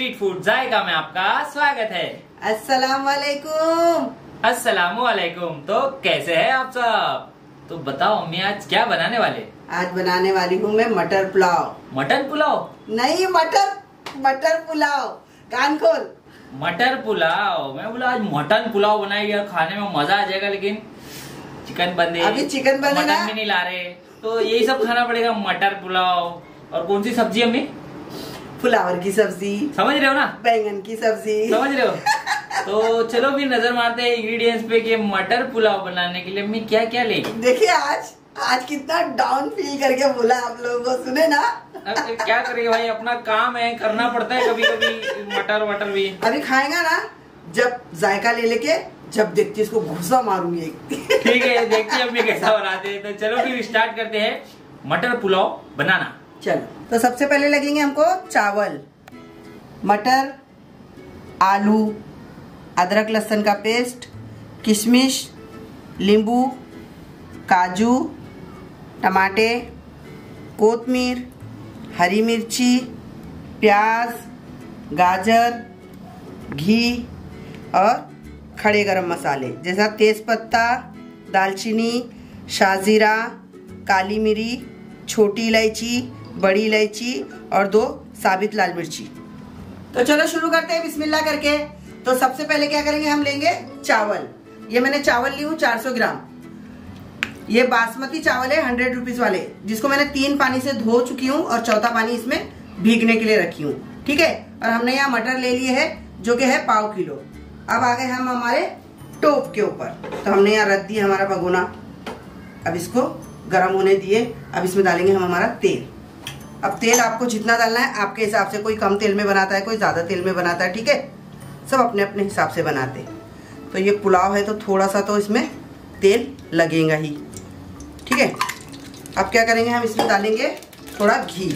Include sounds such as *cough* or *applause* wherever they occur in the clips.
Street food जायका में आपका स्वागत है अस्सलाम वालेकुम अस्सलाम वालेकुम तो कैसे हैं आप सब तो बताओ अम्मी आज क्या बनाने वाले आज बनाने वाली हूँ मैं मटर पुलाव मटर पुलाव नहीं मटर मटर पुलाव कान खोल मटर पुलाव मैं बोला आज मटन पुलाव बनाएगी और खाने में मजा आ जाएगा लेकिन चिकन बंदे अभी चिकन बंदे मटन भी नहीं ला रहे तो यही सब खाना पड़ेगा मटर पुलाव और कौन सी सब्जी हमें फुलावर की सब्जी समझ रहे हो ना बैंगन की सब्जी समझ रहे हो *laughs* तो चलो फिर नजर मारते हैं इंग्रेडिएंट्स पे कि मटर पुलाव बनाने के लिए मैं क्या क्या ले देखिए आज आज कितना डाउन फील करके बोला आप लोगों को सुने ना क्या करेंगे भाई अपना काम है करना पड़ता है कभी कभी मटर वटर भी अभी खाएगा ना जब जायका ले लेके जब देखती इसको घुसा मारूंगी ठीक है देखती है कैसा बनाते हैं तो चलो फिर स्टार्ट करते हैं मटर पुलाव बनाना चलो तो सबसे पहले लगेंगे हमको चावल मटर आलू अदरक लहसन का पेस्ट किशमिश नींबू काजू टमाटे कोतमीर हरी मिर्ची प्याज गाजर घी और खड़े गरम मसाले जैसा तेज़पत्ता दालचीनी शाजीरा काली मिरी छोटी इलायची बड़ी इलायची और दो साबित लाल मिर्ची तो चलो शुरू करते हैं बिस्मिल्लाह करके तो सबसे पहले क्या करेंगे हम लेंगे चावल ये मैंने चावल ली हूँ चार ग्राम ये बासमती चावल है हंड्रेड रुपीज वाले जिसको मैंने तीन पानी से धो चुकी हूँ और चौथा पानी इसमें भीगने के लिए रखी हूँ ठीक है और हमने यहाँ मटर ले लिए है जो कि है पाव किलो अब आ गए हम हमारे टोप के ऊपर तो हमने यहाँ रख दिया हमारा भगोना अब इसको गर्म होने दिए अब इसमें डालेंगे हम हमारा तेल अब तेल आपको जितना डालना है आपके हिसाब से कोई कम तेल में बनाता है कोई ज़्यादा तेल में बनाता है ठीक है सब अपने अपने हिसाब से बनाते तो ये पुलाव है तो थोड़ा सा तो इसमें तेल लगेगा ही ठीक है अब क्या करेंगे हम इसमें डालेंगे थोड़ा घी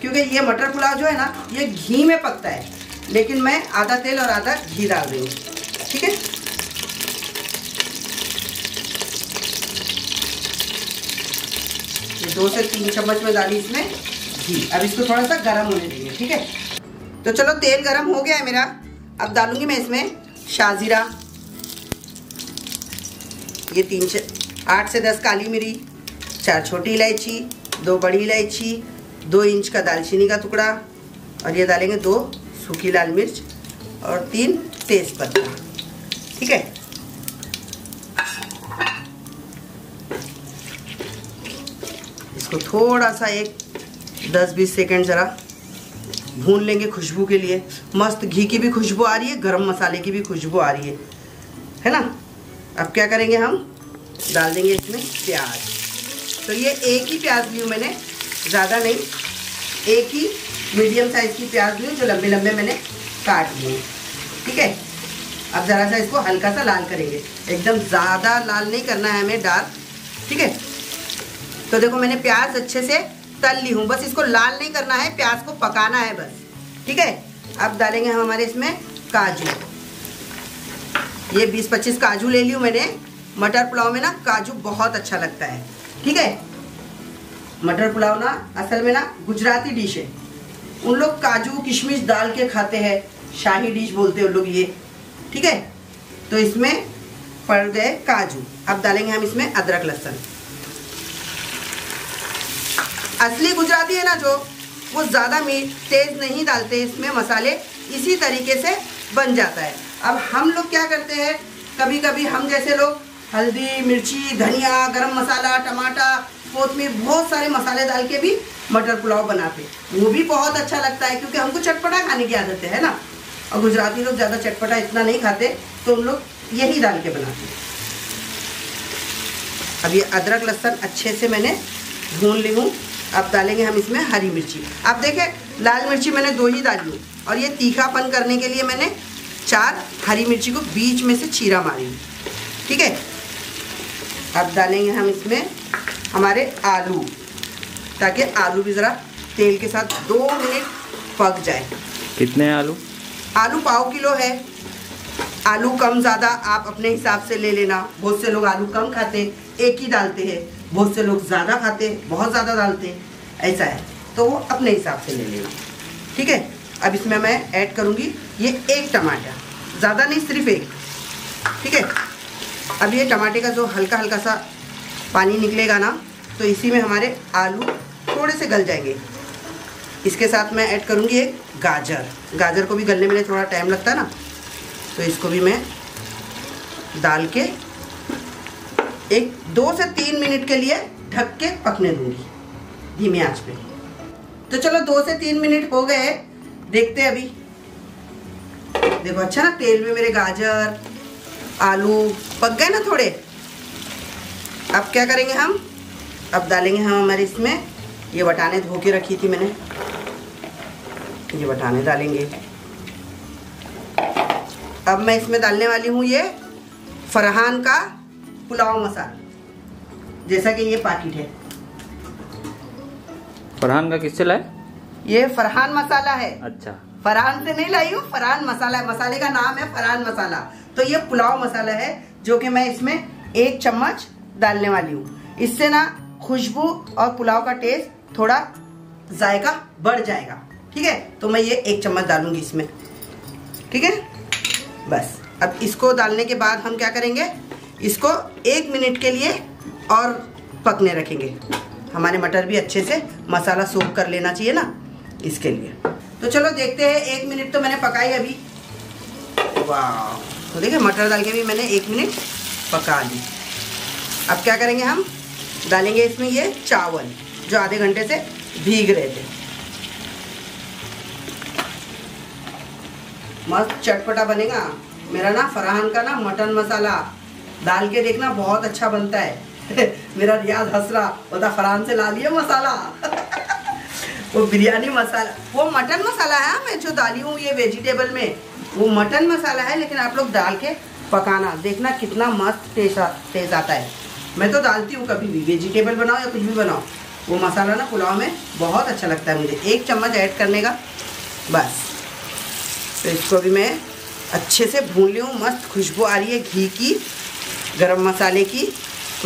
क्योंकि ये मटर पुलाव जो है ना ये घी में पकता है लेकिन मैं आधा तेल और आधा घी डाल रही हूँ ठीक है दो से तीन चम्मच में डाली इसमें घी अब इसको थोड़ा सा गर्म होने देंगे ठीक है तो चलो तेल गर्म हो गया है मेरा अब डालूंगी मैं इसमें शाजीरा ये तीन आठ से दस काली मिरी चार छोटी इलायची दो बड़ी इलायची दो इंच का दालचीनी का टुकड़ा और ये डालेंगे दो सूखी लाल मिर्च और तीन तेज पत्ता ठीक है इसको थोड़ा सा एक दस बीस सेकेंड ज़रा भून लेंगे खुशबू के लिए मस्त घी की भी खुशबू आ रही है गरम मसाले की भी खुशबू आ रही है है ना अब क्या करेंगे हम डाल देंगे इसमें प्याज तो ये एक ही प्याज ली हूँ मैंने ज़्यादा नहीं एक ही मीडियम साइज़ की प्याज ली हूँ जो लंबे लंबे मैंने काट लिए ठीक है अब ज़रा सा इसको हल्का सा लाल करेंगे एकदम ज़्यादा लाल नहीं करना है हमें डार्क ठीक है तो देखो मैंने प्याज अच्छे से तल ली हूँ बस इसको लाल नहीं करना है प्याज को पकाना है बस ठीक है अब डालेंगे हम हमारे इसमें काजू ये 20-25 काजू ले लियो मैंने मटर पुलाव में ना काजू बहुत अच्छा लगता है ठीक है मटर पुलाव ना असल में ना गुजराती डिश है उन लोग काजू किशमिश डाल के खाते हैं शाही डिश बोलते हैं लोग ये ठीक है तो इसमें पड़ गए काजू अब डालेंगे हम इसमें अदरक लहसन असली गुजराती है ना जो वो ज़्यादा मीठ तेज़ नहीं डालते इसमें मसाले इसी तरीके से बन जाता है अब हम लोग क्या करते हैं कभी कभी हम जैसे लोग हल्दी मिर्ची धनिया गरम मसाला टमाटा में बहुत सारे मसाले डाल के भी मटर पुलाव बनाते वो भी बहुत अच्छा लगता है क्योंकि हमको चटपटा खाने की आदत है ना और गुजराती लोग ज़्यादा चटपटा इतना नहीं खाते तो उन लोग यही डाल के बनाते हैं अब ये अदरक लहसुन अच्छे से मैंने भून ली हूँ अब डालेंगे हम इसमें हरी मिर्ची अब देखें लाल मिर्ची मैंने दो ही डाली है और ये तीखापन करने के लिए मैंने चार हरी मिर्ची को बीच में से चीरा मारी ठीक है अब डालेंगे हम इसमें हमारे आलू ताकि आलू भी ज़रा तेल के साथ दो मिनट पक जाए कितने आलू आलू पाव किलो है आलू कम ज़्यादा आप अपने हिसाब से ले लेना बहुत से लोग आलू कम खाते हैं एक ही डालते हैं बहुत से लोग ज़्यादा खाते हैं बहुत ज़्यादा डालते हैं ऐसा है तो वो अपने हिसाब से ले लेंगे ठीक है अब इसमें मैं ऐड करूँगी ये एक टमाटर ज़्यादा नहीं सिर्फ एक ठीक है अब ये टमाटे का जो हल्का हल्का सा पानी निकलेगा ना तो इसी में हमारे आलू थोड़े से गल जाएंगे इसके साथ मैं ऐड करूँगी एक गाजर गाजर को भी गलने में थोड़ा टाइम लगता है ना तो इसको भी मैं डाल के एक दो से तीन मिनट के लिए ढक के पकने दूंगी धीमे आंच पे तो चलो दो से तीन मिनट हो गए देखते हैं अभी देखो अच्छा ना तेल में मेरे गाजर आलू पक गए ना थोड़े अब क्या करेंगे हम अब डालेंगे हम हमारे इसमें ये बटाने धो के रखी थी मैंने ये बटाने डालेंगे अब मैं इसमें डालने वाली हूँ ये फरहान का पुलाव मसाला जैसा कि ये पैकेट है फरहान का किससे लाए ये फरहान मसाला है अच्छा फरहान से नहीं लाई हूँ फरहान मसाला है मसाले का नाम है फरहान मसाला तो ये पुलाव मसाला है जो कि मैं इसमें एक चम्मच डालने वाली हूँ इससे ना खुशबू और पुलाव का टेस्ट थोड़ा जायका बढ़ जाएगा ठीक है तो मैं ये एक चम्मच डालूंगी इसमें ठीक है बस अब इसको डालने के बाद हम क्या करेंगे इसको एक मिनट के लिए और पकने रखेंगे हमारे मटर भी अच्छे से मसाला सोख कर लेना चाहिए ना इसके लिए तो चलो देखते हैं एक मिनट तो मैंने पकाई अभी वाह तो देखिए मटर डाल के भी मैंने एक मिनट पका दी अब क्या करेंगे हम डालेंगे इसमें ये चावल जो आधे घंटे से भीग रहे थे मस्त चटपटा बनेगा मेरा ना फरहान का ना मटन मसाला डाल के देखना बहुत अच्छा बनता है *laughs* मेरा रियाज हंस रहा बता फरहान से ला लिया मसाला *laughs* वो बिरयानी मसाला वो मटन मसाला है मैं जो डाली हूँ ये वेजिटेबल में वो मटन मसाला है लेकिन आप लोग डाल के पकाना देखना कितना मस्त टेस्ट टेस्ट आता है मैं तो डालती हूँ कभी भी वेजिटेबल बनाओ या कुछ भी बनाओ वो मसाला ना पुलाव में बहुत अच्छा लगता है मुझे एक चम्मच ऐड करने का बस तो इसको भी मैं अच्छे से भून ली हूँ मस्त खुशबू आ रही है घी की गरम मसाले की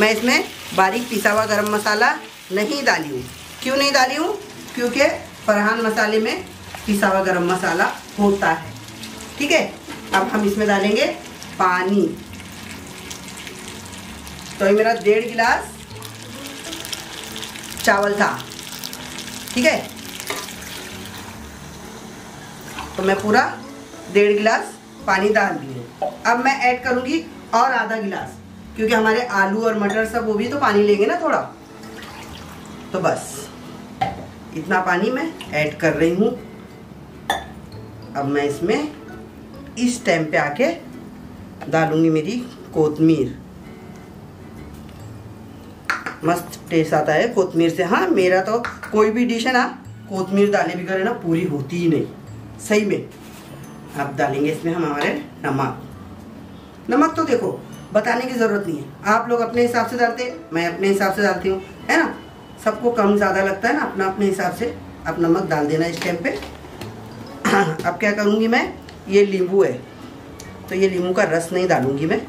मैं इसमें बारीक पिसा हुआ गरम मसाला नहीं डाली हूँ क्यों नहीं डाली हूँ क्योंकि फरहान मसाले में पिसा हुआ गरम मसाला होता है ठीक है अब हम इसमें डालेंगे पानी तो ये मेरा डेढ़ गिलास चावल था ठीक है तो मैं पूरा डेढ़ गिलास पानी डाल दी अब मैं ऐड करूँगी और आधा गिलास क्योंकि हमारे आलू और मटर सब वो भी तो पानी लेंगे ना थोड़ा तो बस इतना पानी मैं ऐड कर रही हूँ अब मैं इसमें इस टाइम पे आके डालूंगी मेरी कोतमीर मस्त टेस्ट आता है कोतमीर से हाँ मेरा तो कोई भी डिश है ना कोतमीर डाले भी है ना पूरी होती ही नहीं सही में अब डालेंगे इसमें हम हमारे नमक नमक तो देखो बताने की ज़रूरत नहीं है आप लोग अपने हिसाब से डालते हैं मैं अपने हिसाब से डालती हूँ है ना सबको कम ज़्यादा लगता है ना अपना अपने हिसाब से आप नमक डाल देना इस टाइम पे *clears throat* अब क्या करूँगी मैं ये नींबू है तो ये नींबू का रस नहीं डालूँगी मैं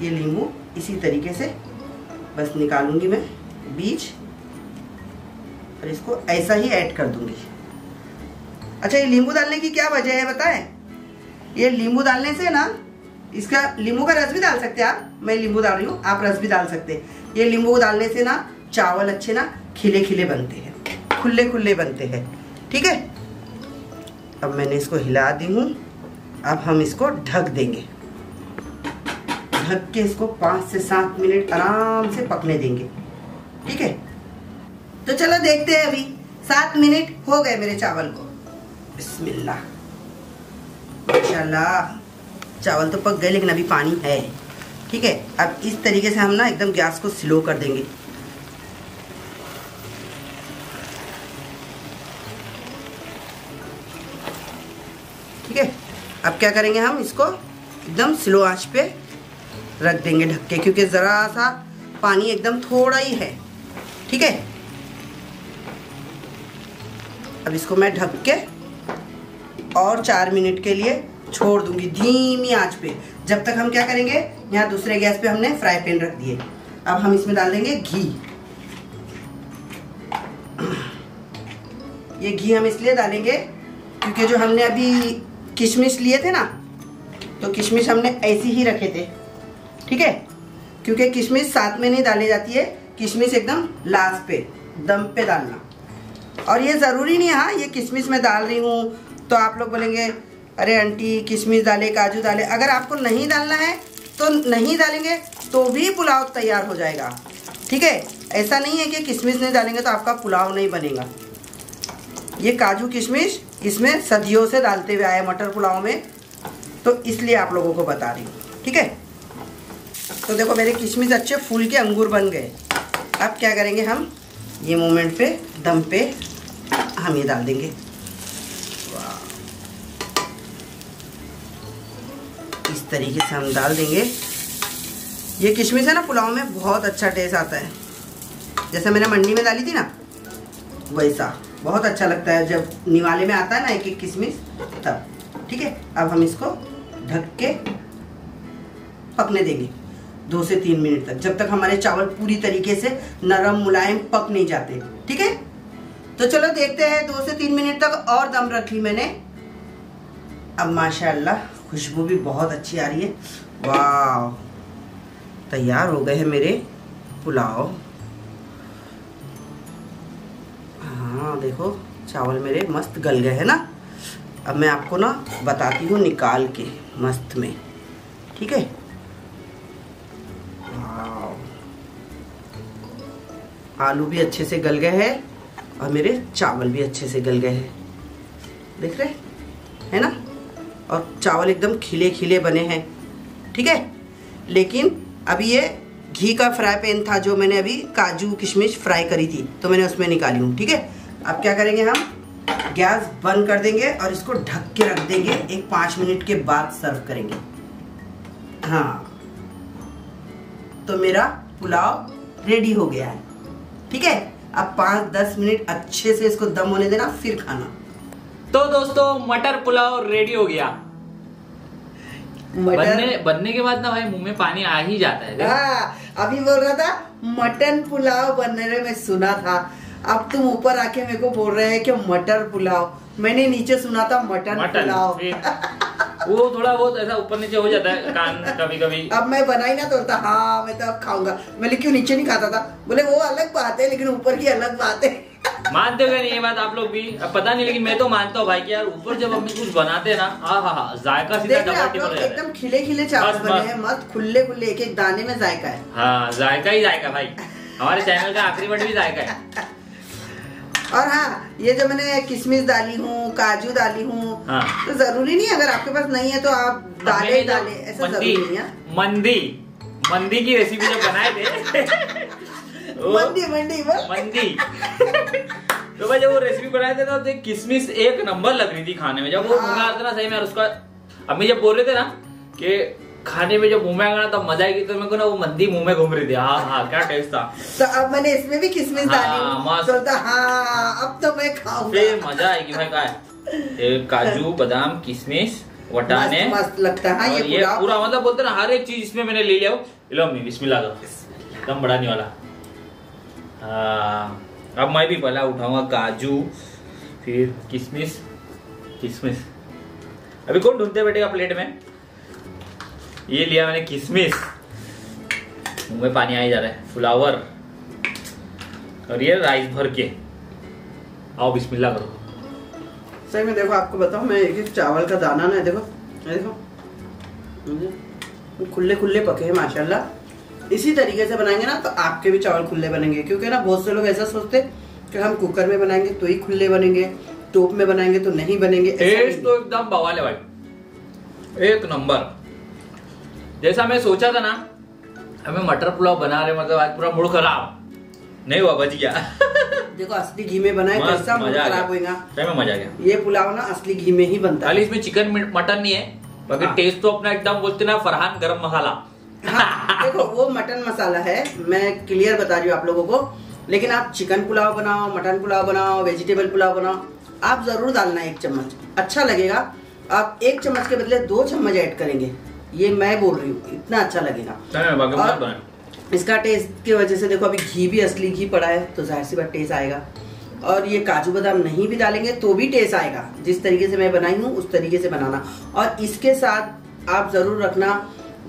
ये नींबू इसी तरीके से बस निकालूंगी मैं बीज और इसको ऐसा ही ऐड कर दूंगी अच्छा ये नींबू डालने की क्या वजह है बताएं ये नींबू डालने से ना इसका लींबू का रस भी डाल सकते हैं आप मैं लींबू डाल रही हूँ आप रस भी डाल सकते हैं ये लींबू डालने से ना चावल अच्छे ना खिले खिले बनते हैं खुले खुले बनते हैं ठीक है अब मैंने इसको हिला दी हूँ अब हम इसको ढक देंगे ढक के इसको पाँच से सात मिनट आराम से पकने देंगे ठीक है तो चलो देखते हैं अभी सात मिनट हो गए मेरे चावल को बिस्मिल्लाह माशाल्लाह चावल तो पक गए लेकिन अभी पानी है ठीक है अब इस तरीके से हम ना एकदम गैस को स्लो कर देंगे ठीक है अब क्या करेंगे हम इसको एकदम स्लो आंच पे रख देंगे ढक के क्योंकि ज़रा सा पानी एकदम थोड़ा ही है ठीक है अब इसको मैं ढक के और चार मिनट के लिए छोड़ दूंगी धीमी आंच पे जब तक हम क्या करेंगे यहाँ दूसरे गैस पे हमने फ्राई पैन रख दिए अब हम इसमें डाल देंगे घी ये घी हम इसलिए डालेंगे क्योंकि जो हमने अभी किशमिश लिए थे ना तो किशमिश हमने ऐसी ही रखे थे ठीक है क्योंकि किशमिश साथ में नहीं डाली जाती है किशमिश एकदम लास्ट पे दम पे डालना और ये ज़रूरी नहीं है हाँ ये किशमिश मैं डाल रही हूँ तो आप लोग बोलेंगे अरे आंटी किशमिश डाले काजू डाले अगर आपको नहीं डालना है तो नहीं डालेंगे तो भी पुलाव तैयार हो जाएगा ठीक है ऐसा नहीं है कि किशमिश नहीं डालेंगे तो आपका पुलाव नहीं बनेगा ये काजू किशमिश इसमें सदियों से डालते हुए आए मटर पुलाव में तो इसलिए आप लोगों को बता रही हूँ ठीक है तो देखो मेरे किशमिश अच्छे फूल के अंगूर बन गए अब क्या करेंगे हम ये मोमेंट पे दम पे हम ये डाल देंगे तरीके से हम डाल देंगे ये किशमिश है ना पुलाव में बहुत अच्छा टेस्ट आता है जैसे मैंने मंडी में डाली थी ना वैसा बहुत अच्छा लगता है जब निवाले में आता है ना एक एक किशमिश तब ठीक है अब हम इसको ढक के पकने देंगे दो से तीन मिनट तक जब तक हमारे चावल पूरी तरीके से नरम मुलायम पक नहीं जाते ठीक है तो चलो देखते हैं दो से तीन मिनट तक और दम रख ली मैंने अब माशाल्लाह खुशबू भी बहुत अच्छी आ रही है वाह तैयार हो गए हैं मेरे पुलाव हाँ देखो चावल मेरे मस्त गल गए हैं ना अब मैं आपको ना बताती हूँ निकाल के मस्त में ठीक है आलू भी अच्छे से गल गए हैं और मेरे चावल भी अच्छे से गल गए हैं देख रहे है ना और चावल एकदम खिले खिले बने हैं ठीक है लेकिन अभी ये घी का फ्राई पैन था जो मैंने अभी काजू किशमिश फ्राई करी थी तो मैंने उसमें निकाली हूँ ठीक है अब क्या करेंगे हम गैस बंद कर देंगे और इसको ढक के रख देंगे एक पाँच मिनट के बाद सर्व करेंगे हाँ तो मेरा पुलाव रेडी हो गया है ठीक है अब पाँच दस मिनट अच्छे से इसको दम होने देना फिर खाना तो दोस्तों मटर पुलाव रेडी हो गया मटर... बनने बनने के बाद ना भाई मुंह में पानी आ ही जाता है आ, हाँ, अभी बोल रहा था मटन पुलाव बनने में सुना था अब तुम ऊपर आके मेरे को बोल रहे हैं कि मटर पुलाव मैंने नीचे सुना था मटन, पुलाव वो थोड़ा बहुत ऐसा ऊपर नीचे हो जाता है कान कभी कभी अब मैं बनाई ना तो हाँ मैं तो अब खाऊंगा मैंने क्यों नीचे नहीं खाता था बोले वो अलग बात है लेकिन ऊपर की अलग बात है मानते हो नहीं ये बात आप लोग भी अब पता नहीं लेकिन मैं तो मानता हूँ भाई कि यार ऊपर जब हम कुछ बनाते हैं ना हाँ हाँ हाँ जायका सीधा एकदम खिले खिले चावल बने हैं मत खुले खुले एक एक दाने में जायका है हाँ जायका ही जायका भाई हमारे चैनल का आखिरी वर्ड भी जायका है और हाँ ये जो मैंने किशमिश डाली हूँ काजू डाली हूँ हाँ। तो जरूरी नहीं अगर आपके पास नहीं है तो आप डाले डाले ऐसा जरूरी नहीं है मंदी मंदी की रेसिपी जो बनाए थे *laughs* मंदी मंदी मंदी तो भाई जब वो रेसिपी बनाए थे ना तो किशमिश एक नंबर लग रही थी खाने में जब वो भूंगा था ना सही में उसका अम्मी जब बोल रहे थे ना कि खाने में जब मुंह में आना तब मजा आएगी तो मेरे को ना वो मंदी मुंह में घूम रही थी हाँ हाँ क्या टेस्ट था तो अब मैंने इसमें भी किसमिस हाँ, तो हाँ, अब तो मैं खाऊंगा फिर मजा आएगी भाई का काजू हाँ। बादाम किसमिस वटाने मस्त, लगता है हाँ, ये, पूरा मतलब बोलते ना हर एक चीज इसमें मैंने ले लिया लो बिस्मिल्लाह एकदम बड़ा नहीं वाला हाँ अब मैं भी पहला उठाऊंगा काजू फिर किशमिश किशमिश अभी कौन ढूंढते बैठेगा प्लेट में ये लिया मैंने किशमिश मुंह में पानी आ ही जा रहा है फ्लावर और ये राइस भर के आओ बिस्मिल्लाह करो सही में देखो आपको बताऊँ मैं एक एक चावल का दाना ना देखो देखो खुले खुले पके हैं माशाल्लाह इसी तरीके से बनाएंगे ना तो आपके भी चावल खुले बनेंगे क्योंकि ना बहुत से लोग ऐसा सोचते कि हम कुकर में बनाएंगे तो ही खुले बनेंगे टोप में बनाएंगे तो नहीं बनेंगे टेस्ट तो एकदम बवाल है भाई एक नंबर जैसा मैं सोचा था ना हमें मटर पुलाव बना रहे मतलब आज पूरा मूड खराब नहीं हुआ बच गया *laughs* देखो असली घी में बनाए कैसा मूड खराब होगा मजा आ गया ये पुलाव ना असली घी में ही बनता है इसमें चिकन मटन नहीं है बाकी टेस्ट हाँ। तो अपना एकदम बोलते ना फरहान गरम मसाला हाँ, देखो वो मटन मसाला है मैं क्लियर बता रही हूँ आप लोगों को लेकिन आप चिकन पुलाव बनाओ मटन पुलाव बनाओ वेजिटेबल पुलाव बनाओ आप ज़रूर डालना एक चम्मच अच्छा लगेगा आप एक चम्मच के बदले दो चम्मच ऐड करेंगे ये मैं बोल रही हूँ इतना अच्छा लगेगा इसका टेस्ट की वजह से देखो अभी घी भी असली घी पड़ा है तो जाहिर सी बात टेस्ट आएगा और ये काजू बादाम नहीं भी डालेंगे तो भी टेस्ट आएगा जिस तरीके से मैं बनाई हूँ उस तरीके से बनाना और इसके साथ आप ज़रूर रखना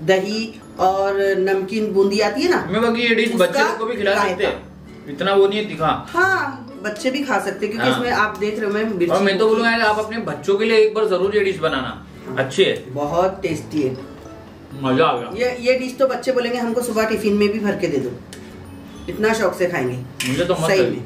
दही और नमकीन बूंदी आती है ना मैं बाकी ये डिश बच्चों को भी खिला सकते हैं इतना वो नहीं दिखा हाँ बच्चे भी खा सकते क्योंकि हाँ। इसमें आप देख रहे हो मैं तो बोलूंगा आप अपने बच्चों के लिए एक बार जरूर ये डिश बनाना अच्छी है बहुत टेस्टी है मजा आ गया ये ये डिश तो बच्चे बोलेंगे हमको सुबह टिफिन में भी भर के दे दो इतना शौक से खाएंगे मुझे तो सही में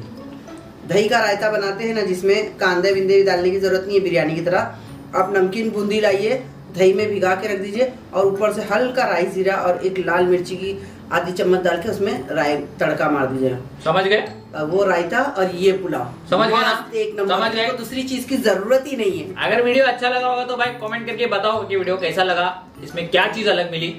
दही का रायता बनाते हैं ना जिसमें कांदे विंदे भी डालने की जरूरत नहीं है बिरयानी की तरह आप नमकीन बूंदी लाइए दही में भिगा के रख दीजिए और ऊपर से हल्का राई जीरा और एक लाल मिर्ची की आधी चम्मच डाल के उसमें राय तड़का मार दीजिए समझ गए वो रायता और ये पुलाव समझ गए ना एक नंबर समझ गए तो दूसरी चीज की जरूरत ही नहीं है अगर वीडियो अच्छा लगा होगा तो भाई कमेंट करके बताओ कि वीडियो कैसा लगा इसमें क्या चीज अलग मिली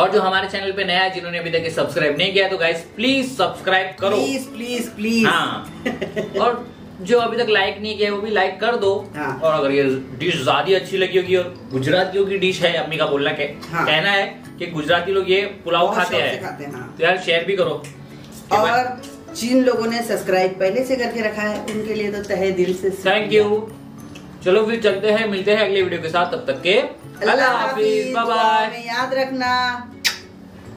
और जो हमारे चैनल पे नया है जिन्होंने अभी तक सब्सक्राइब नहीं किया तो गाइस प्लीज सब्सक्राइब करो प्लीज प्लीज प्लीज और जो अभी तक लाइक नहीं किया वो भी लाइक कर दो हाँ। और अगर ये डिश ज्यादा अच्छी लगी होगी और गुजरातियों की डिश है अम्मी का बोलना के, हाँ। कहना है कि गुजराती लोग ये पुलाव खाते हैं हाँ। तो यार शेयर भी करो और जिन लोगों ने सब्सक्राइब पहले से करके रखा है उनके लिए तो तहे दिल से थैंक यू चलो फिर चलते हैं मिलते हैं अगले वीडियो के साथ तब तक के अल्लाह हाफिज बाय याद रखना